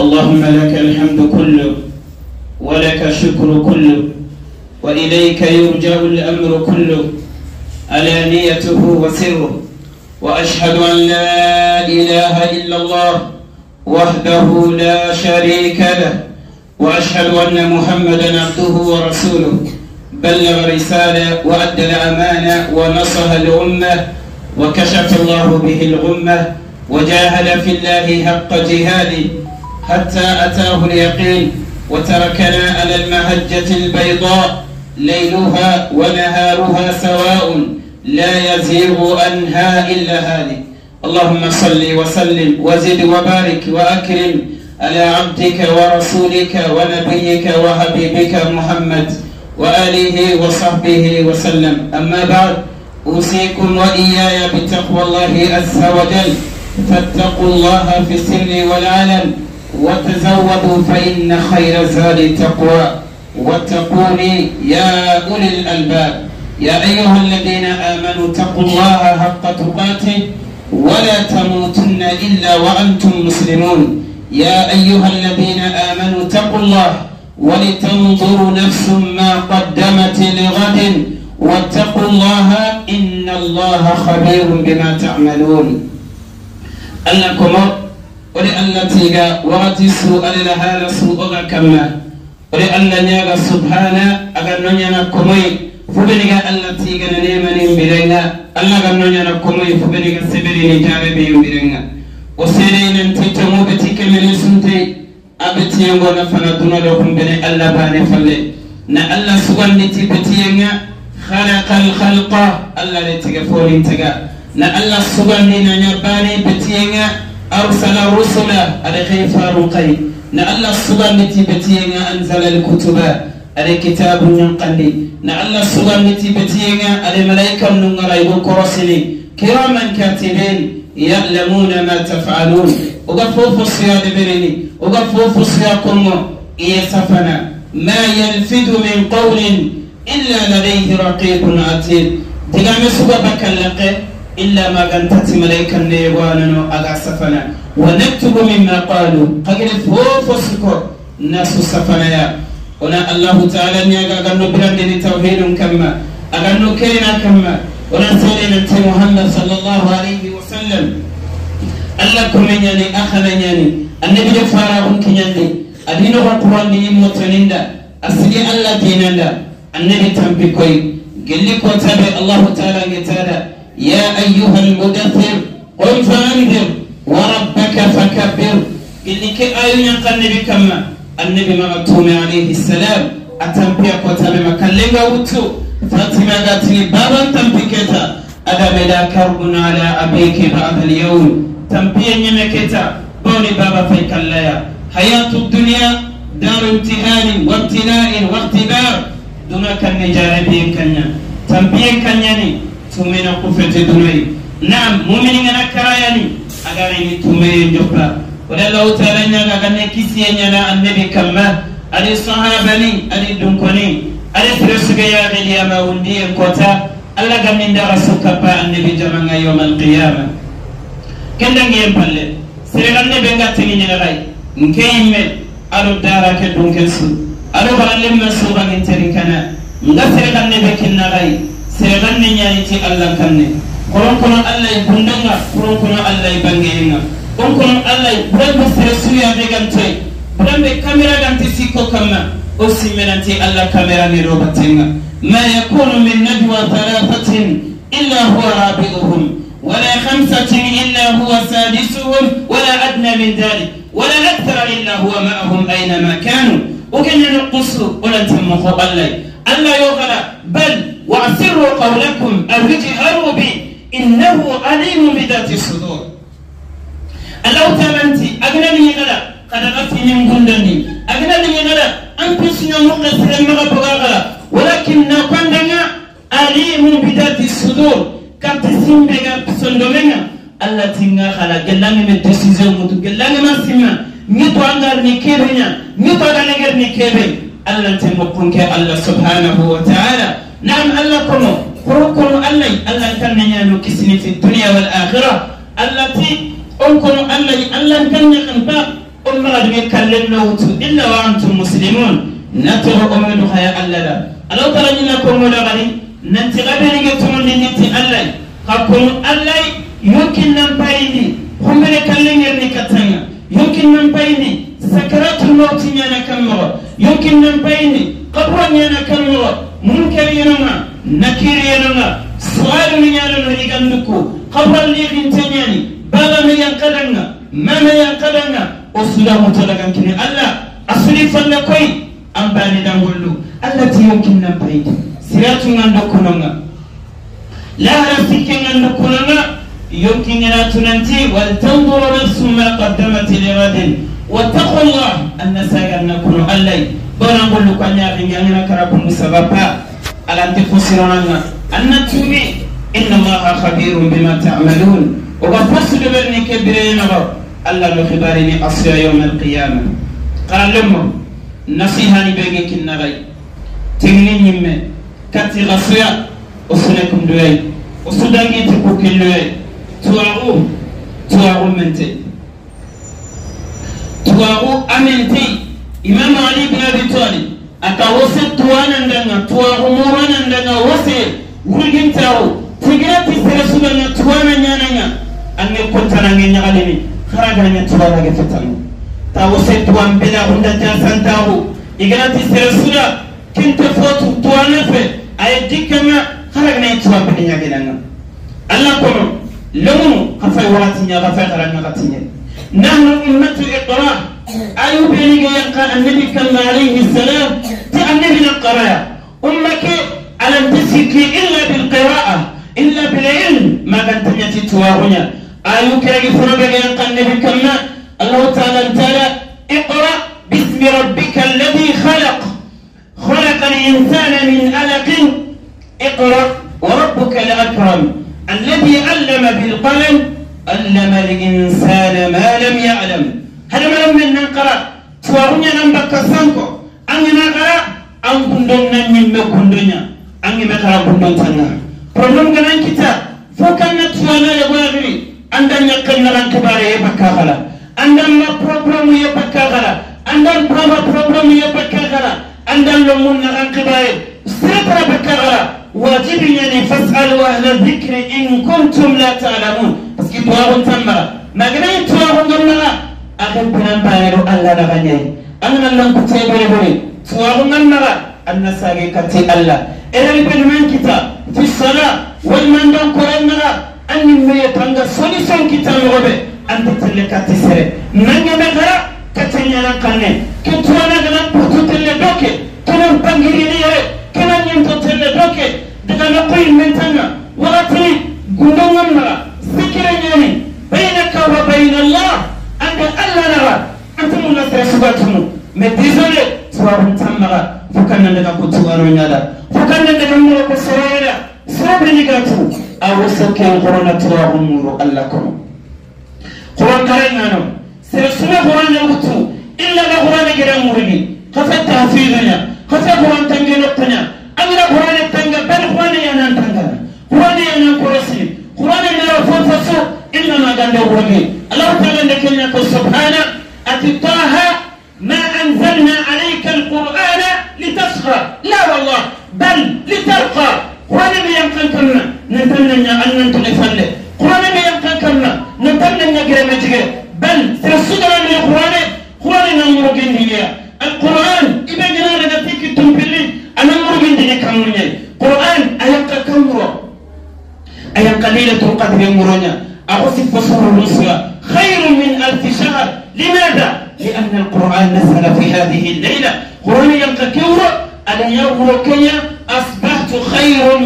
اللهم لك الحمد كله ولك الشكر كله وإليك يرجع الأمر كله ألانيته وسره وأشهد أن لا إله إلا الله وحده لا شريك له وأشهد أن محمدا عبده ورسوله بلغ رسالة وأدى الأمانة ونصح الأمة وكشف الله به الغمة وجاهد في الله حق جهاده حتى أتاه اليقين وتركنا على المهجة البيضاء ليلها ونهارها سواء لا يزيغ عنها إلا هذه اللهم صل وسلم وزد وبارك وأكرم على عبدك ورسولك ونبيك وحبيبك محمد وآله وصحبه وسلم أما بعد أوصيكم وإياي بتقوى الله عز وجل فاتقوا الله في السر والعلن وتزودوا فإن خير زاد التقوى واتقوني يا أولي الألباب يا أيها الذين آمنوا اتقوا الله حق تقاته ولا تموتن إلا وأنتم مسلمون يا أيها الذين آمنوا اتقوا الله ولتنظر نفس ما قدمت لغد واتقوا الله إن الله خبير بما تعملون أنكم ode allah tiiga wakati su alela haala su oga kamma ode allah ñaaga subhana aga noñana komoy fubeniga allah tiigana nemani mbirenga allah ga noñana komoy fubeniga seberini tawe ɓe mbirenga o seedey nanti tomoɓe ti kemene suntey aɓe tiyengona fana dunalo kumbene allah bane falle na allah suganditi ɓe tiyenga halaka alhalqa allah le tiga fonin tiga na allah sugandi naña bane ɓe tiyenga أرسل رسلا على كيف رقي نعل الصلاة التي بتينا أنزل الكتب على كتاب ينقلي نعلى الصلاة التي بتينا على من نغرى وكرسني كراما كاتبين يعلمون ما تفعلون وقفوا الصياد بريني وقفوا فصيا قمو إيه سفنا ما يلفظ من قول إلا لديه رقيب عتيد دقام سبب اللقي إلا ما قنتت ملائكة نيوانو أغاسفنا ونكتب مما قالوا قد فوفو سكور ناس سفنا يا ونا الله تعالى نيغا غنو برندن توحيد كما أغنو كينا كما ونا سيدنا انت محمد صلى الله عليه وسلم الله كمن يعني أخنا يعني النبي فاراهم كيني أدينو القرآن دي متنندا أسلي الله دينندا النبي تنبي كوي قال لك وتابع الله تعالى قتالا يا أيها المدثر قل فأنذر وربك فكبر إليك آيو ينقى النبي كما النبي ما ممتوم عليه السلام أتنبيا قتابي مكالنغا وتو فاتما ذاتني بابا تنبيكتا أدمدا كرب على أبيك بعد اليوم تنبيا نمكتا بوني بابا فيكاليا حياة الدنيا دار امتحان وابتلاء واختبار دونك النجاربين كنيا تنبيا كنياني tume na kufete dunai na mumini ngana karayani agara ni tume njoka wala allah taala nyaga gane kisi ya nyana annabi kama ali sahabani ali dunkoni ali firsuge ya gili ya wundi kota alla ganne ndara sukapa annabi jamanga yawm alqiyama mpale empalle gane benga tingi nyanagai nke ime alu dara ke dunkesu alu baralle men subangin terikana nga sereganne be kinnagai seegan ne ñaaniti allah kan ne koron kono allah ye bundanga koron kono allah ye bangeyenga on kono allah ye buran be sere suyaɓe gantoy buran be caméra ganti sikko kamma o simmenanti allah caméra ne robatenga ma yakunu min najwa thalathatin illa huwa rabi'uhum ولا خمسة إلا هو سادسهم ولا أدنى من ذلك ولا أكثر إلا هو معهم أينما كانوا وكان ينقصوا ولا تمخوا الله الله يغلى بل وأسروا قولكم أو اجهروا به إنه عليم بذات الصدور الله تمنتي أغنى لي غدا قد غفي من غندني أغنى لي غدا أن كسنا مغنى سلم غبغا ولكن نقندنا عليم بذات الصدور كتسين بغا سندومنا الله تنغا خلا جلاني من تسيزو متو جلاني ما سيما نيتو أنغار نكيبنا نيتو أنغار نكيبنا الله تمكنك الله سبحانه وتعالى نعم الله كنو كروكنو الله الله كان يانو كسني في الدنيا والآخرة التي أنكنو الله الله كان يقنبا أمرا دمي كلن نوت إلا وأنتم مسلمون نتر أمين خيا الله لا الله تعالى نكون مدغني ننتقبل نجتمون لنتي الله قبكنو الله يمكن نمبايني هم كلن يرني كتنيا يمكن نمبايني سكرات الموت يانا كمغر يمكن نمبايني قبرا يانا كمغر munkariyanga nakiriyanga sualuniyalana iganduku qabralliqinteñani babame yanqadanga mame yanqadanga o sulamutolagankini allah asuni falla koy an banidangollu allah tiyonkinnan payde siratungan dokkononga lahara sikkengan dokkononga yonkingenatunanti waltanduru nafsu ma qaddamat liradin wattaqu llah annasagannakuno allah barangolu ka ñaaxinge a ñana karakundu sababa alante fosironanga anna tuubi inna allaha khabirum bima tamalun oga fasude na ba allah no xibarini asiya yawma alqiyama xaralemo nasihani ɓege kinnaxay tigini ñimme kati xa suya kati sune kunduyoy o sudangiti ku killuyoy tuaru tuaru mente tuaru amente imamu ali ibn abi talib aka wose tuwanandanga tuwahumoranandanga wose wurgintawo tigirati seresuganga tuwana ñananga ange kontanange ñagalini haraganya tuwarage fetanu ta wose tuwan bela hunda jasantawo iganati seresuga kinte fotu tuwana fe aye jikkanga haraganayi tuwan bele ñagenanga alla kono lomunu kafay wakati ña kafay haranna katiñe nahnu ummatu iqrar أيو بيني يلقى النبي كما عليه السلام تأمني القراءة أمك على انتسك إلا بالقراءة إلا بالعلم ما كانت يأتي تواهنا أيو فرق يلقى النبي كما الله تعالى انتلا اقرأ باسم ربك الذي خلق خلق الإنسان من ألق اقرأ وربك الأكرم الذي علم بالقلم علم الإنسان ما لم يعلم hadamaden men nan kara tuwarunya nan bakka sanko an yana kara an gundon nan nyimme gundonya an yime kara gundon tanna problem ganan kita fo kan na tuwana ya gona duri an dan yakkan na ran kabare ya bakka kala an dan ma problem ya bakka kala an dan prova problem ya bakka kala an dan lomun na ran kabare sirra bakka kala wajibin ya ne fasalu ahla dhikri in kuntum la ta'lamun parce que tuwarun tanna magana tuwarun ganan akan piran bayaro Allah na ganyai an nan nan ku ce bare bare tuwaru nan na Allah irin bilman kita fi sala wal man dan koran na an nin me tanga soni son kita lobe an ta tille sere nan ya na gara ka tanya nan kanne ki tuwana ga putu tille doke kinan bangiri ne yare kinan yin to tille doke daga na koyin mentanga wakati gundon nan na sikiran yani bainaka wa allah أنت ألا نرى أنتم الناس سباتهم مديزنا سوارم تمغا فكنا لنا كتوارونا لا فكنا لنا مرق سرائنا سابني قاتو أو سكي القرآن تواهم نور ألكم قرآن كريمانو سرسنا قرآن يغتو إلا لقرآن جرام مرمي خفت تحفيظنا خفت قرآن تنجلتنا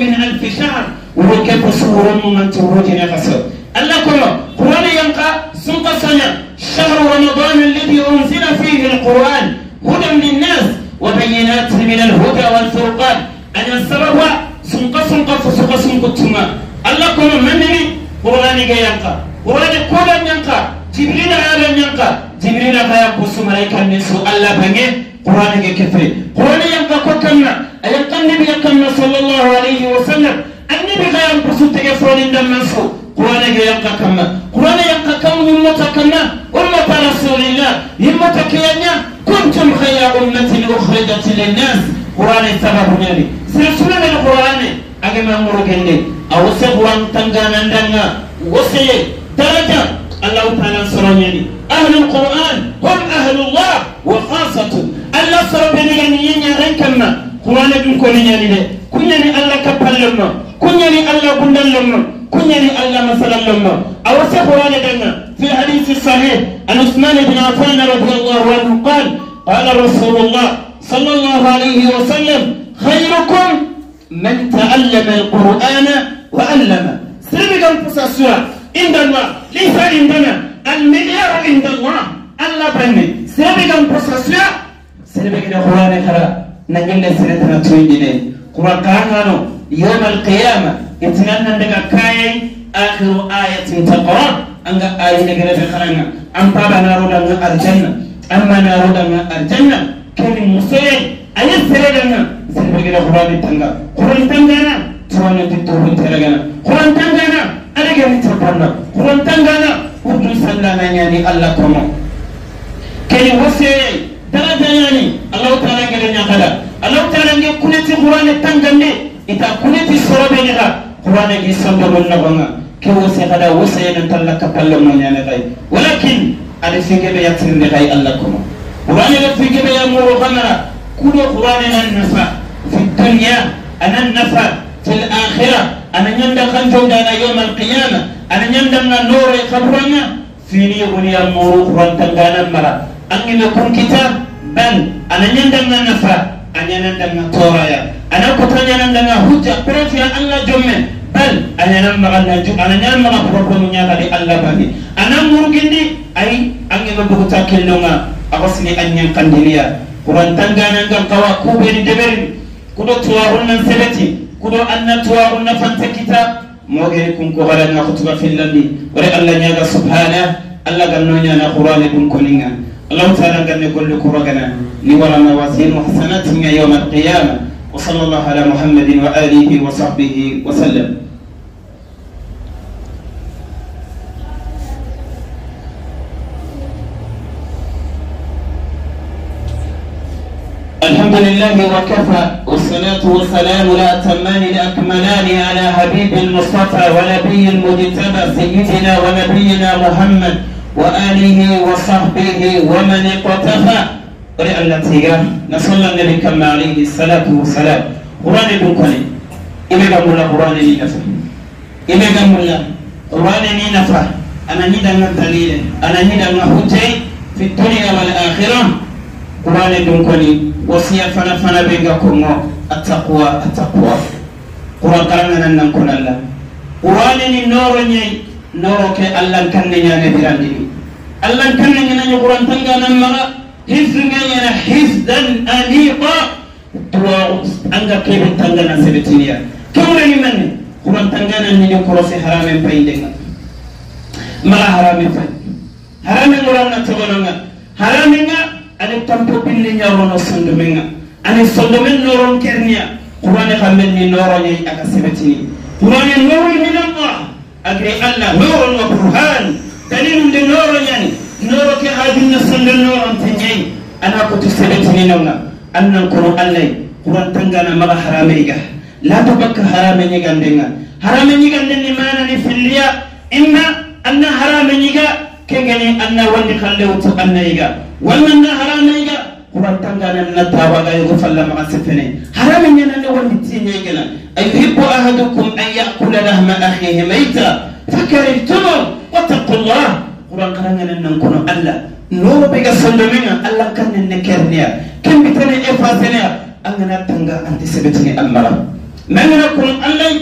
من ألف شهر وكيف سورة من تروج نفسه ألا كل قرآن ينقى سنقى سنة شهر رمضان الذي أنزل فيه القرآن هدى للناس وبينات من الهدى والفرقان أن السبب سنقى سنقى فسقى سنقى التماء ألا كل من قرآن ينقى قرآن كل ينقى جبريل على ينقى جبريل قيام بسم من سؤال الله بني قرآن يكفي قرآن ينقى كل كلمة أيقن النبي كم صلى الله عليه وسلم النبي غير بسوط يفعل دم منفو قرآن يقى كم قرآن يقى كم أمة كم أمة رسول الله أمة كيانيا كنتم خير أمة أخرجت للناس قرآن سبب نبي سلسلة من القرآن أجمع مرقني أو سبوان تنغانا دنغا وسيه درجة الله تعالى سرني أهل القرآن هم أهل الله وخاصة الله سرني يعني ينيا رنكما kuwana dun ko ni nyani de kunyani alla kapallamma kunyani alla gundallamma kunyani alla masallamma awase wale danna fi hadith sahih an usman ibn affan radiyallahu anhu qala qala rasulullah sallallahu alayhi wa sallam khayrukum من تعلم القرآن وعلمه سرقا فساسوا عند الله ليس عندنا المعيار عند الله الله بني سرقا فساسوا سرقا القرآن خلاص nangille siretana toyndine kura kahano yawm alqiyama itinanna daga kaye akhiru ayatin taqra anga ayine gene fe kharanga am baba naruda nga arjanna amma naruda nga arjanna kani musaye ayi siredanga sirbe gene qur'ani tanga qur'ani tangana tuwana ditto hunteragana qur'ani tangana alage ni tabanna qur'ani tangana urdu sallana nyani allah komo kani wasaye tara jayani allah taala ngere ñakada allah taala nge kuneti qur'ane tangande ita kuneti sorobe ne ga qur'ane gi sandoro nagonga ke wo se kada wo se ne talla kapalle mo ñane tay walakin ada sege be yatir ne tay allah kuma qur'ane le sege be yamuro banara kudo qur'ane nan nafa fi dunya anan nafa fil akhirah ana nyanda kan jonda na yawm al qiyamah ana nyanda na nore kaburanga fini guniya muru qur'an tangana mara angina kunkita ban ananyandanga nafa anyanandanga toraya anakutanyandanga hujja prefiya alla jomme bal anyanam magana ju ananyam maga problem nya kali alla bagi anam murgindi ai angina bukuta kellonga akosini anyan kandilia kuran tangana ngan kawa kubeni deberin kudo tuwarunnan sebeti kudo anna tuwarunna fanta kita mogeri kunko garana kutuba fillandi wore alla nyaga subhana alla gannonya na qur'ani dun koninga اللهم تعالى قال لكل كرقنا نورنا واسين وحسناتنا يوم القيامة وصلى الله على محمد وآله وصحبه وسلم الحمد لله وكفى والصلاة والسلام الأتمان الأكملان على حبيب المصطفى ونبي المجتبى سيدنا ونبينا محمد وآله وصحبه ومن اقتفى قرئ التي نصلى النبي كما عليه الصلاة والسلام قرآن بكني إمام الله قرآن نفع إمام الله قرآن نفع أنا نيدا من دليل أنا نيدا من حجي في الدنيا والآخرة قرآن بكني وصيا فنا فنا بينكم التقوى التقوى قرآن قرآن ننكن الله قرآن نور نور كي الله كان نيانا براني allan kirringana ñoxurantanganamaa hisngayana hisdan aniqa duwaxu anga keɓentangana seɓetiniya kewreni manne xurantangananini korose haramen payindenga maxa haramen fay haramen ngoranga togonanga haramenga ane tampo binne ñarono sandomenga ane sondomen noron kerniya qurane xammen ni noroñay aga seɓetini qurane noroy minallah agre allah noron wa qurhan دليل يعني. للنور يعني نورو كي نصل نسل للنور تنجي أنا كنت سبتني نونا أن القرآن لي قرآن تنجنا ما حرام يجا لا تبك حرامي نيغان دينا حرامي نيغان دينا مانا نفليا إما أن حرام يجا كيغني أن ولي خليو يجا يغا أن حرام يجا قرآن تنجنا تنغانا نتاوغا يغفل ما سفني حرام يجا أن نيغان تين يجا أيحب أحدكم أن يأكل لحم أخيه ميتا فكرتم واتقوا الله قرآن قرآن ننكون الله نور بيغا سندمنا الله كان نكرنيا كم بتني إفاتنيا انا تنغا أنت سبتني أمرا نغنا نكون الله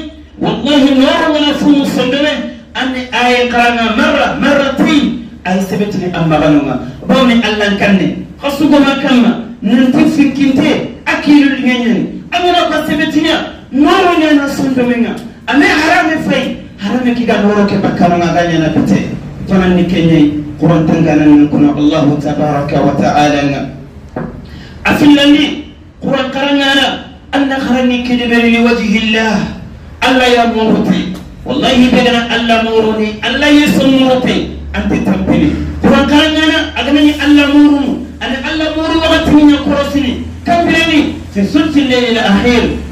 والله نور ولا فوم سندمنا أن اي قرآن مرة مرتين أي سبتني أمرا نغا بومي الله كان خصو ما كان ننتي فكنتي أكيد الغنين انا قد سبتنيا نور ولا سندمنا أنا حرام فيه harame kiga noro ke bakkano ngaganya na pite jaman ni kenye kuran ni kuna Allah tabaraka wa ta'ala nga afillandi kuran karangana anna kharani kidbari li wajhi Allah Allah ya muruti wallahi bedana Allah muruni Allah yesu yasmuruti anti tampili kuran karangana agamani Allah murunu ana Allah muru wakati min kurasini kambirani fi sulti al-layl al-akhir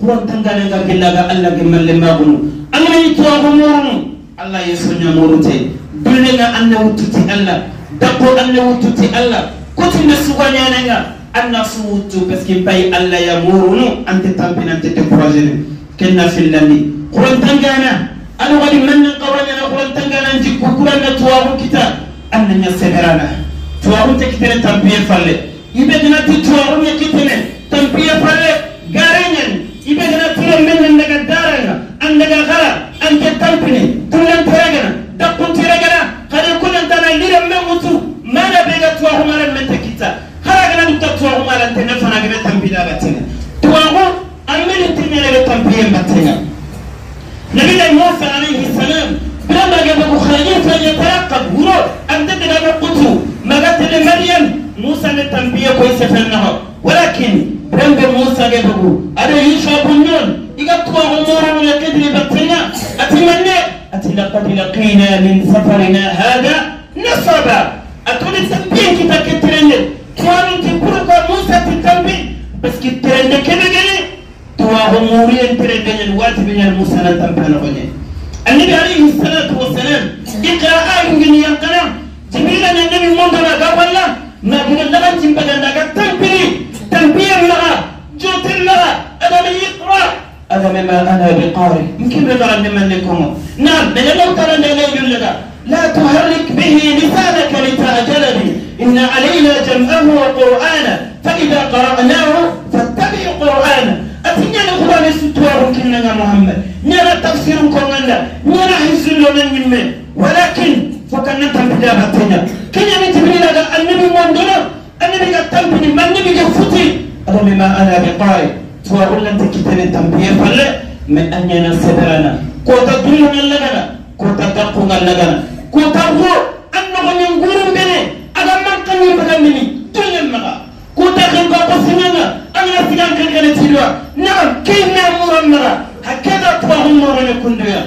kurantanganaga kellaga allah gemmallemagunu allah yittuwago morunu allah yesoña morute dullenga allah wuttuti allah dabbo allah wuttuti allah kotinna sugañananga allah su wuttu parce que bay allah ya morunu ante tampina ante découragene kenna fillandi kurantangana ala wali mannan qawrañana kurantangana jikku kuranna tuwagu kita annaña seherana tuwagunte kitene tampiye falle iɓe ganati tuwaguña kitene tampiye falle ibegana tulen men nan daga daranga an daga gara an ke tampine tulen teragana dakkun teragana kada kunan tana liren men mutu mana bega tuwa humaran men ta kita hara gana mutta tuwa humaran ta nafana gana tampida batene tuwa ko an meni tinne daga tampiyen batene nabi da musa alaihi salam bilama gaba bukhari fa yatarqab huro an daga na qutu magatele maryam musa ne tambiye ko sefen naho walakin dambe musa gaba لقد لقينا من سفرنا هذا نصبا أتولي تنبيه كتا كترنة توانو تبورو موسى تتنبي بس كترنة كده جلي مورين موريا ترنة الوات من المسنة تنبانا غني النبي عليه الصلاة والسلام إقرأ آيو جن يقرأ جميلا النبي المنظر الله ما قلنا لغا جنبغا لغا تنبي تنبيه لغا جوت لغا أنا من يقرأ أنا مما أنا بقارئ يمكن بلغا لمن لكم نعم من المنكر أن لا يجلد لا تهرك به لسانك لتعجل به إن علينا جمعه وقرآنه فإذا قرأناه فاتبع قرآنه أتنيا نقول لستوار كننا محمد نرى تفسير كوننا نرى حزن لنا من من ولكن فكنا تنبدا باتنا كنا نتبين هذا النبي موندنا النبي قد تنبني ما النبي قد فتي أرمي ما أنا بقاري توارون لن تكتن تنبيه فلأ من أن ينسدرنا كوتا دولنا لغنا كوتا تقونا لغنا كوتا هو أنه ينقول بنا أذا من كان يبغل مني دولنا لغا كوتا خلقا بسنانا أنا سيغان كان كان تسيروا نعم كي نعمر المرا هكذا تباهم مرنا كندويا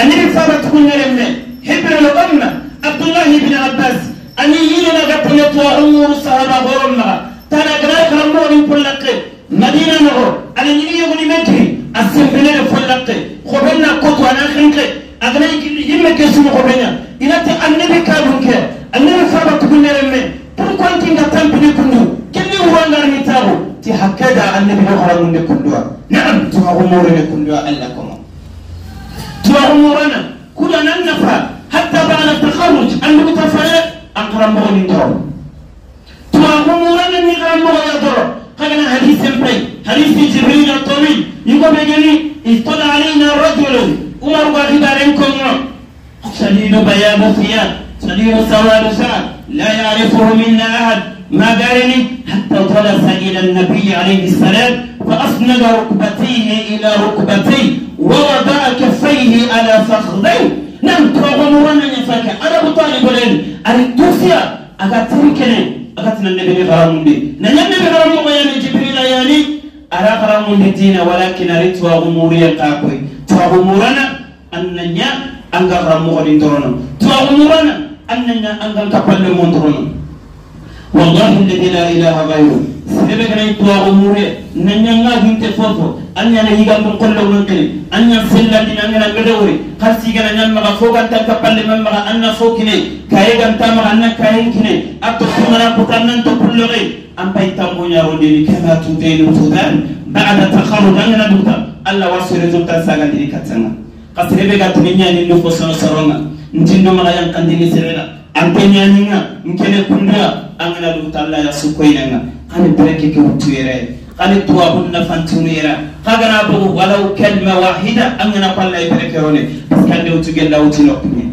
أنا رسالة كنا لمن هبر الأمة عبد الله بن عباس أنا يلنا غطينا تباهم مرسالة إلى النبي عليه السلام فأسند ركبتيه إلى ركبتي ووضع كفيه على فخذيه نعم توغم وانا نفاك أنا بطالب لين أريتوسيا أغاتريكني أغاتنا نعم، النبي غرام بي نعم النبي غرام بي جبريل يعني أرى غرام الدين ولكن أريد وغموريا قاكوي توغمورنا أننا أنغرام مغلين درونا توغمورنا أننا أنغرام كبال مغلين والله الذي لا إله غيره سبب نيتوا ان ننجنا هنت فوفو أن ينهيغا من كل ونقل أن ينسلنا من أن ينبدوري خلسيغا ننمغا فوقا تنكبل منمغا أن نفوكني كايغا تامغا أن كاينكني أتسمنا بطانا تقول لغي أم بيتا مونيا روديني كما تدين تدان بعد تخرج أن نبوتا الله وصير زبتا ساغا ديني كتنا قصر بيغا تنيني نفو سنسرونا نتندو مغا ينقندني سرنا ampeñaninga nkene kunda angana luguta alla ya sukoinanga kane bereke ke wutuyere kane tuwabun nafantunuyera kagana bogu walau kalma wahida angana kwalla ye bereke rone parce kande wutu gella wuti nokkuñe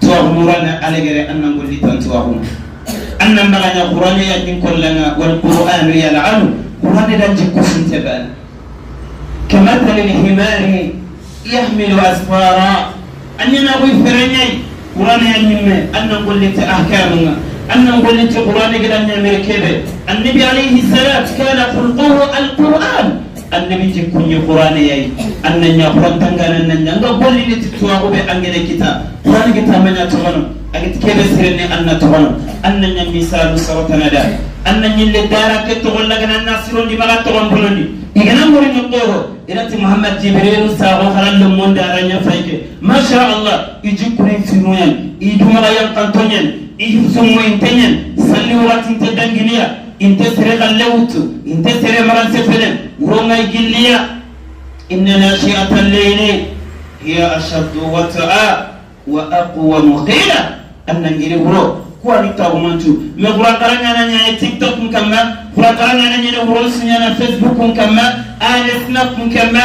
tuwahumurana alegere annangolli tan tuwahuma annan magaña qurane yajin kollanga walqur'anu yalanu qurane dan jikkusinte bana كمثل الحمار يحمل أسفارا أن ينوي فرنين qur'ana ya ñimme annan gollinte ahkamunga annan gollinte qur'ana gidanne mere keɓe annabi alayhi salat kana hulquhu alquran annabi jikkunye qur'ana yayi annan ña qurantangana nan ñanga golliniti tuwaɓuɓe angene kita qur'ana kita maña togono أجد كيف سرني أن نتغن أن نجني سالو سرتنا دا أن نجني الدارا كتغن لكن الناس يرون دي بقى تغن بلوني إذا نمر نقوله إذا محمد جبريل ساوا خلال لمن دارني فيك ما شاء الله يجي كريم سنوين يدو ما يان كنتونين يجي سموين تنين سلي وقت انت دنجنيا انت سرق اللوت انت سرق مران سفلين ورما يجليا إن ناشئة الليل هي أشد وطأ وأقوى مقيلة anangire huro kwa nitabu mantu me kurakaranya na nyaye tiktok mkama kurakaranya na nyaye huro sinya na facebook mkama ane snap mkama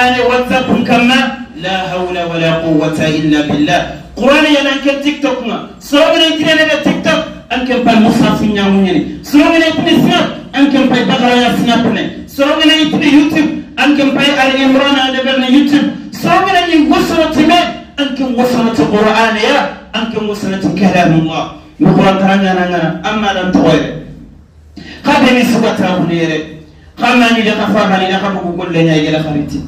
ane whatsapp mkama la hawla wa la quwata illa billah قرآن يا نانك تيك توك ما سلوكنا يجري لنا تيك توك أنك يبقى مصاف في نعمه يعني سلوكنا يبني سناب أنك يبقى بقرة يا سناب يعني سلوكنا يبني يوتيوب أنك يبقى على عمران على دبرنا يوتيوب سلوكنا يبقى وصلنا تبع أنك وصلنا تقرآن يا anke musanati kalamullah yukuran karangana ngana amma dan togoyre kabe ni sugata hunere xanna ni da kafa hani da kafa gugul le nyaay gela khariti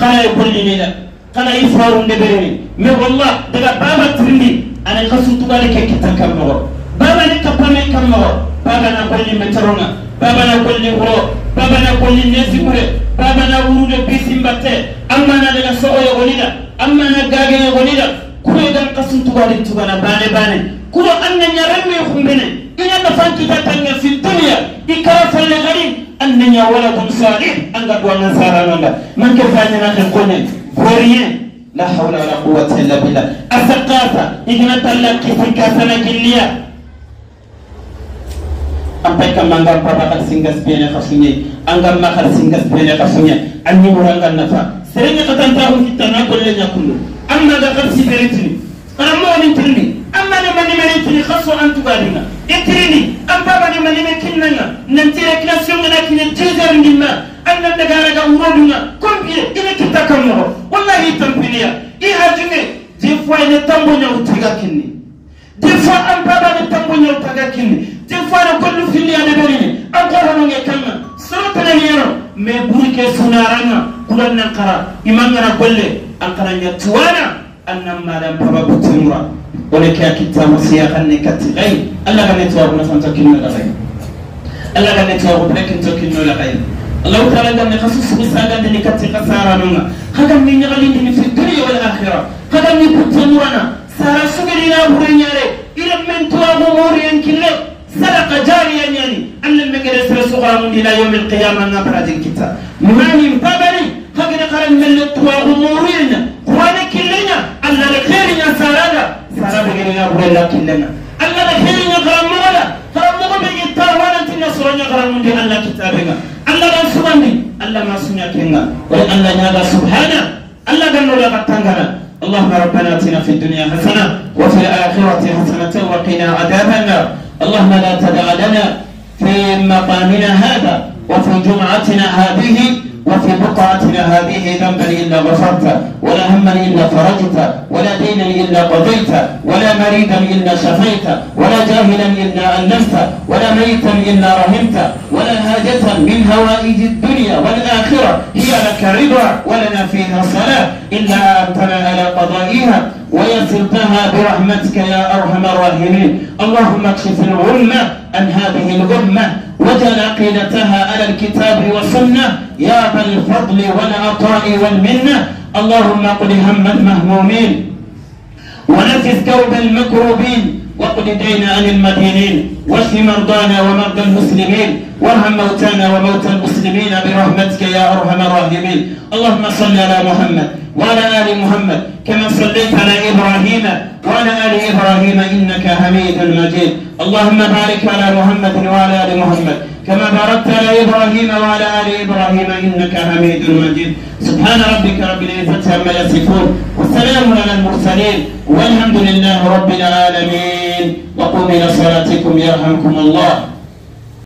xana e golli ni da xana e faru ne bere ni me wallah daga baba trindi ana khasu tugale ke kitan kam no baba ni kapame kam no baba na golli metarona baba na golli horo baba na golli nesi kure baba na wurude bisimbatte amma na daga sooyo gonida amma na gagene gonida kure dan kasun tugari tugana bane bane kuro anna nyaremme khumbine ina da fantu ta tanya fi dunya ikara falle gari anna nya wala dum salih anga do nan sarananda man ke fanya na kan konya goriye la hawla wala quwwata illa billah asqata igna talaki fi kasana killiya ampai kamanga papa kal singas bene khasunye anga ma kal singas bene khasunye anni muranga nafa serenya katanta hun kitana kullu nyakulu amma da kafsi feretini karammogo nin tirini amma ne manimere kini kaso an tugadinga i tirini an baba ne manime kinnanga nantire kinasiongana kine teserindinma an nan dagaraga wurodunga kompiye ine kitta kammogo wallahi tampiniya i hajunge des fois ine tambo ñawutiga kinni des fois an baba ne tambo ñawtaga kinni des fois ne gollu filliya ne berini an korononge kanga sorotenaniyano mais buri ke sunaranga kulan nan kara imangana golle أقرن توانا أن ما لم تبقى تمرا ولك كتاب سياقا نكت غير الله كان يتوارب نفهم تكلم لغير الله كان يتوارب لكن تكلم لغير الله تعالى لم يخصص بسالة نكت قصارا نونا هذا من يغلين في الدنيا والآخرة هذا من كنت تمرنا سارا سجل إلى أبورين يالي إلى من تواب موريا كله سرق جاريا يعني أن المجلس رسول الله إلى يوم القيامة نبرد الكتاب ما من قبل تقرقر من لتوى أمورين وانا كلنا الله لخير يا سارة سارة بغيرنا ولا كلنا الله لخير يا غرام مغلا غرام مغلا بيجتار وانا تنا سرنا غرام من الله كتابنا الله لا سبحانه الله ما سنيا كنا ولا الله نجا سبحانه الله جنوا لا بتنجنا اللهم ربنا اتنا في الدنيا حسنة وفي الآخرة حسنة وقنا عذاب النار اللهم لا تدع لنا في مقامنا هذا وفي جمعتنا هذه وفي بقعتنا هذه ذنبا إلا غفرت ولا هما إلا فرجت ولا دينا إلا قضيت ولا مريضا إلا شفيت ولا جاهلا إلا أنفت ولا ميتا إلا رحمت ولا هاجة من هوائج الدنيا والآخرة هي لك رضا ولنا فيها صلاة إلا أنتنا على قضائها ويصلتها برحمتك يا أرحم الراحمين اللهم اكشف الغمة عن هذه الغمة وجل عقيدتها على الكتاب والسنة يا ذا الفضل والعطاء والمنة اللهم قل هم المهمومين ونفس كرب المكروبين وقد دينا عن المدينين واشف مرضانا ومرضى المسلمين وارحم موتانا وموتى المسلمين برحمتك يا ارحم الراحمين اللهم صل على محمد وعلى آل محمد كما صليت على إبراهيم وعلى آل إبراهيم إنك حميد مجيد اللهم بارك على محمد وعلى آل محمد كما باركت على إبراهيم وعلى آل إبراهيم إنك حميد مجيد سبحان ربك رب العزة عما يصفون والسلام على المرسلين والحمد لله رب العالمين وقوموا إلى صلاتكم يرحمكم الله